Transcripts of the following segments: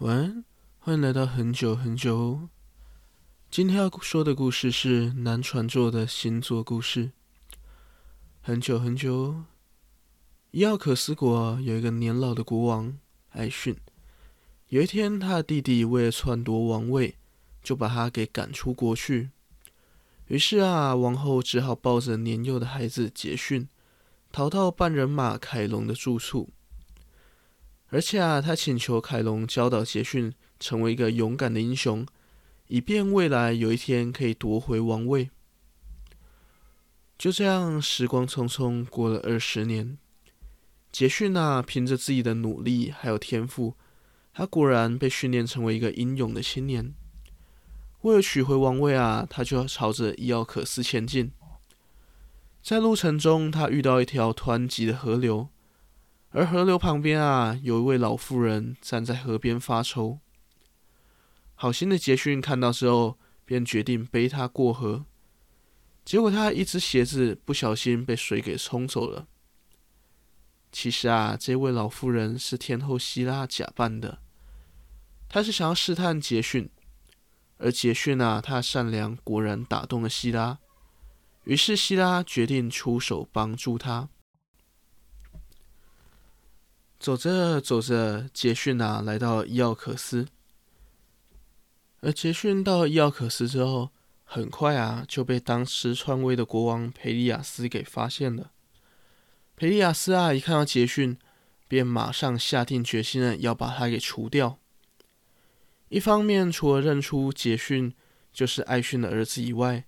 晚安，歡迎來到很久很久哦，今天要說的故事是南船座的星座故事。很久很久哦，伊奧克斯國有一個年老的國王愛遜。有一天，他的弟弟為了篡奪王位，就把他給趕出國去。於是啊，王后只好抱着年幼的孩子杰遜，逃到半人馬凱龍的住處。而且啊，他請求凱龍教導傑遜成為一個勇敢的英雄，以便未來有一天可以奪回王位。就這樣，時光匆匆過了二十年，傑遜啊憑着自己的努力還有天賦，他果然被訓練成為一個英勇的青年。為了取回王位啊，他就要朝着伊奧克斯前進。在路程中，他遇到一條湍急的河流。而河流旁邊啊，有一位老婦人站在河邊發愁。好心的傑遜看到之後，便決定背她過河。結果，他一只鞋子不小心被水給沖走了。其實啊，這位老婦人是天後希拉假扮的。她是想要試探傑遜，而傑遜啊，他的善良果然打動了希拉。於是，希拉決定出手幫助他。走着走着，傑遜啊，來到了伊奧克斯。而傑遜到了伊奧克斯之後，很快啊就被當時篡位的國王培利亞斯給發現了。培利亞斯啊，一看到傑遜，便馬上下定決心了，要把他給除掉。一方面，除了認出傑遜就是艾遜的兒子以外，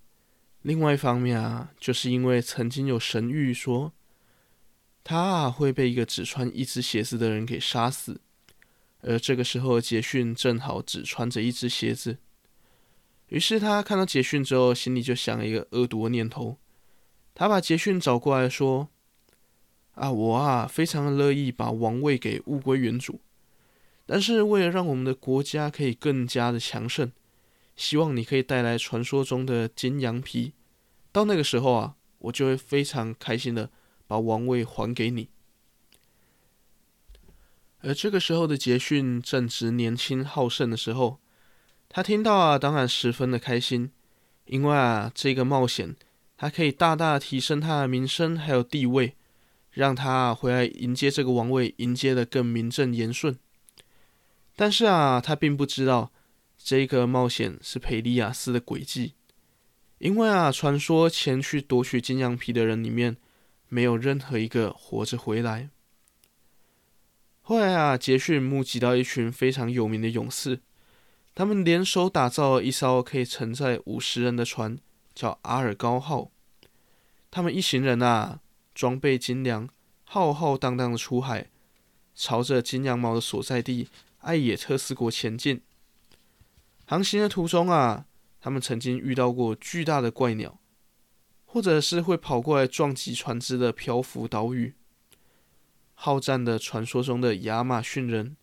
另外一方面啊，就是因為曾經有神諭說。他啊會被一個只穿一隻鞋子的人給殺死，而這個時候的傑遜正好只穿着一隻鞋子。於是他看到傑遜之後，心裡就想了一個惡毒的念頭。他把傑遜找過來說：“啊，我啊，非常樂意把王位給物歸原主，但是為了讓我們的國家可以更加的強盛，希望你可以帶來傳說中的金羊皮。到那個時候啊，我就會非常開心的。”把王位還給你。而這個時候的傑遜正值年輕好勝的時候，他聽到啊，當然十分的開心，因為啊，這個冒險他可以大大提升他的名聲還有地位，讓他回來迎接這個王位，迎接的更名正言順。但是啊，他並不知道這個冒險是佩利亞斯的詭計，因為啊，傳說前去奪取金羊皮的人裡面，沒有任何一個活着回來。後來啊，傑遜募集到一群非常有名的勇士，他們聯手打造了一艘可以承載五十人的船，叫阿爾高號。他們一行人啊，裝備精良，浩浩蕩蕩的出海，朝着金羊毛的所在地艾野特斯國前進。航行的途中啊，他們曾經遇到過巨大的怪鳥。或者是會跑過來撞擊船只的漂浮島嶼，好戰的傳說中的亞馬遜人，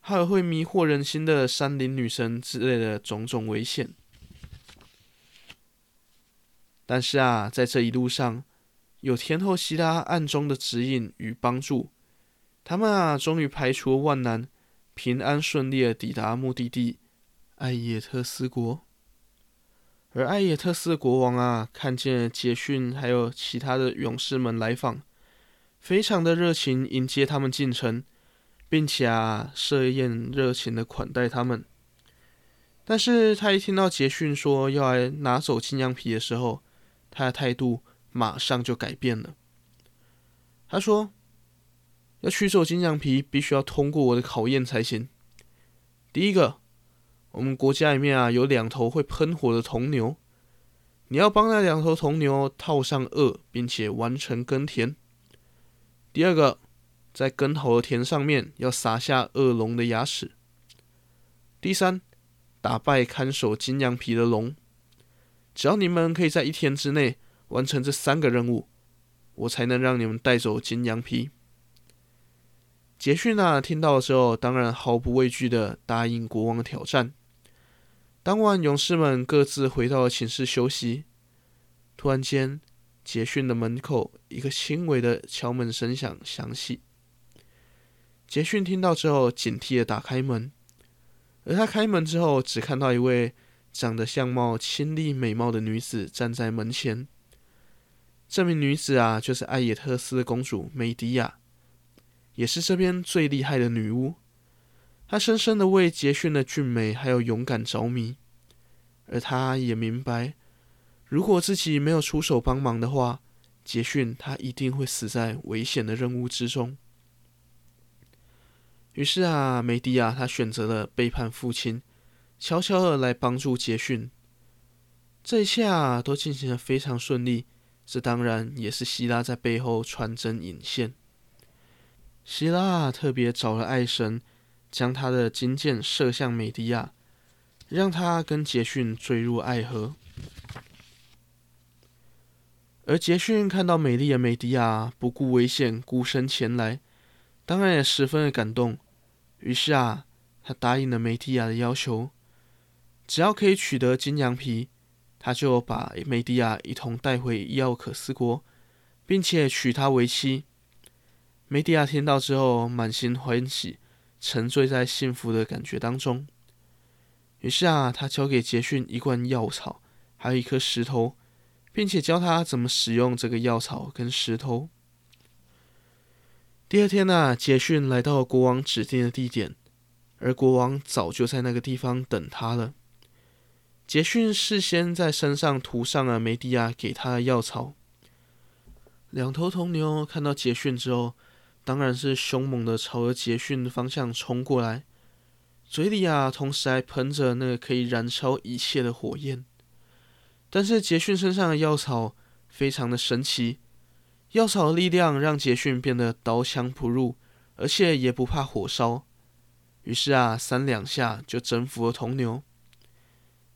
還有會迷惑人心的山林女神之類的種種危險。但是啊，在這一路上，有天後希拉暗中的指引與幫助，他們啊終於排除萬難，平安順利的抵達目的地——艾葉特斯國。而艾也特斯的國王啊，看見傑遜還有其他的勇士們來訪，非常的熱情迎接他們進城，並且啊設宴熱情的款待他們。但是他一聽到傑遜說要來拿走金羊皮的時候，他的態度馬上就改變了。他說，要取走金羊皮，必須要通過我的考驗才行。第一個。我們國家裡面啊，有兩頭會噴火的銅牛，你要幫那兩頭銅牛套上軛，並且完成耕田。第二個，在耕好的田上面要撒下惡龍的牙齒。第三，打敗看守金羊皮的龍。只要你們可以在一天之內完成這三個任務，我才能讓你們帶走金羊皮。傑森啊聽到的時候，當然毫不畏懼的答應國王的挑戰。當晚，勇士們各自回到了寢室休息。突然間，傑遜的門口一個輕微的敲門聲響響起。傑遜聽到之後，警惕地打開門，而他開門之後，只看到一位長得相貌清麗、美貌的女子站在門前。這名女子啊，就是艾耶特斯的公主梅迪亞，也是這邊最厲害的女巫。他深深的為傑遜的俊美還有勇敢着迷，而他也明白，如果自己沒有出手幫忙的話，傑遜他一定會死在危險的任務之中。於是啊，梅迪亞、啊、他選擇了背叛父親，悄悄地來幫助傑遜。這一切啊，都進行的非常順利，這當然也是希拉在背後穿針引線。希拉、啊、特別找了愛神。將他的金箭射向美迪亞，讓他跟傑遜墜入愛河。而傑遜看到美麗的美迪亞不顧危險孤身前來，當然也十分的感動。於是啊，他答應了美迪亞的要求，只要可以取得金羊皮，他就把美迪亞一同帶回伊奧克斯國，並且娶她為妻。美迪亞聽到之後，滿心歡喜。沉醉在幸福的感覺當中。於是啊，他交給杰遜一罐藥草，還有一顆石頭，並且教他怎麼使用這個藥草跟石頭。第二天啊，杰遜來到了國王指定的地點，而國王早就在那個地方等他了。杰遜事先在身上塗上了梅地亞給他的藥草。兩頭銅牛看到杰遜之後。當然是兇猛的朝着傑遜的方向衝過來，嘴裡啊，同時還噴着那個可以燃燒一切的火焰。但是傑遜身上的藥草非常的神奇，藥草的力量讓傑遜變得刀槍不入，而且也不怕火燒。於是啊，三兩下就徵服了銅牛。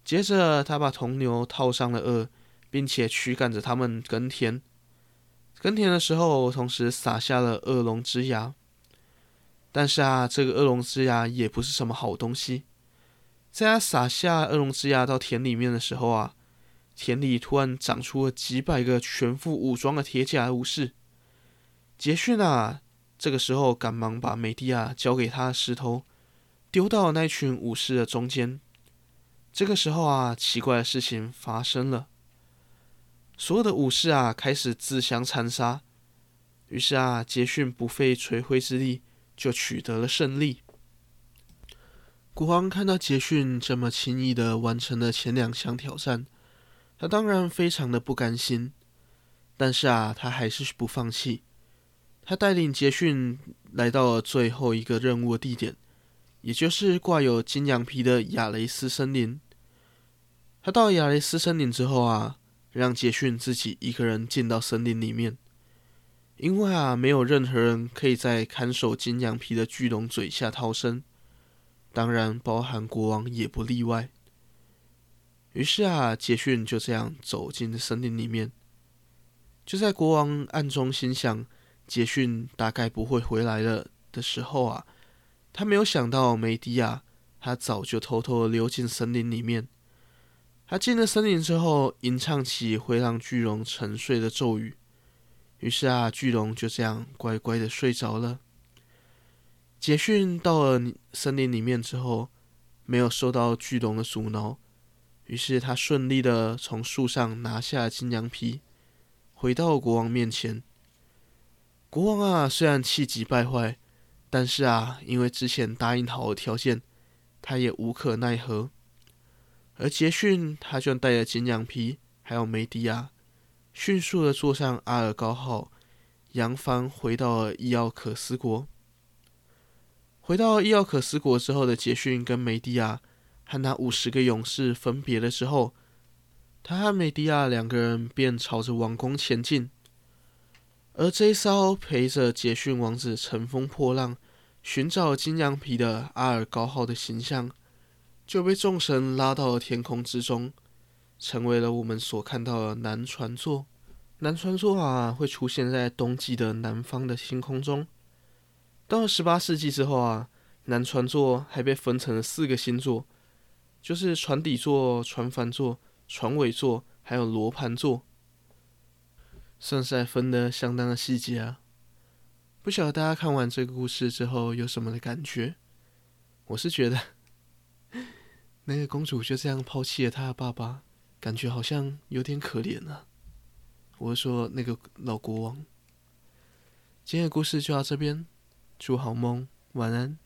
接着，他把銅牛套上了軛，並且驅趕着他們耕田。耕田的時候，同時撒下了惡龍之牙。但是啊，這個惡龍之牙也不是什麼好東西。在他撒下惡龍之牙到田裡面的時候啊，田裡突然長出了幾百個全副武裝的鐵甲武士。傑遜啊，這個時候趕忙把梅蒂亞交給他的石頭丟到了那群武士的中間。這個時候啊，奇怪的事情發生了。所有的武士啊，開始自相殘殺。於是啊，傑遜不費吹灰之力就取得了勝利。國王看到傑遜這麼輕易的完成了前兩項挑戰，他當然非常的不甘心。但是啊，他還是不放棄。他帶領傑遜來到了最後一個任務地點，也就是掛有金羊皮的雅雷斯森林。他到雅雷斯森林之後啊。讓傑遜自己一個人進到森林裡面，因為啊，沒有任何人可以在看守金羊皮的巨龍嘴下逃生，當然，包含國王也不例外。於是啊，傑遜就這樣走進森林裡面。就在國王暗中心想傑遜大概不會回來了的時候啊，他沒有想到梅迪亞，啊，他早就偷偷的溜進森林裡面。他進了森林之後，吟唱起會讓巨龍沉睡的咒語。於是啊，巨龍就這樣乖乖的睡着了。傑遜到了森林裡面之後，沒有受到巨龍的阻撓，於是他順利的從樹上拿下金羊皮，回到國王面前。國王啊，雖然氣急敗壞，但是啊，因為之前答應好的條件，他也無可奈何。而傑遜，他就帶着金羊皮，還有梅迪亞，迅速的坐上阿爾高號，揚帆回到了伊奧克斯國。回到伊奧克斯國之後的傑遜跟梅迪亞，和那五十個勇士分別了之後，他和梅迪亞兩個人便朝着王宮前進。而這一艘陪着傑遜王子乘風破浪，尋找金羊皮的阿爾高號的形象。就被眾神拉到了天空之中，成為了我們所看到的南船座。南船座啊，會出現在冬季的南方的星空中。到了十八世紀之後啊，南船座還被分成了四個星座，就是船底座、船帆座、船尾座，還有羅盤座。算是還分得相當的細節啊！不曉得大家看完這個故事之後有什麼的感覺？我是覺得。那個公主就這樣拋棄了她的爸爸，感覺好像有點可憐呢、啊。我說那個老國王。今天的故事就到這邊，祝好夢，晚安。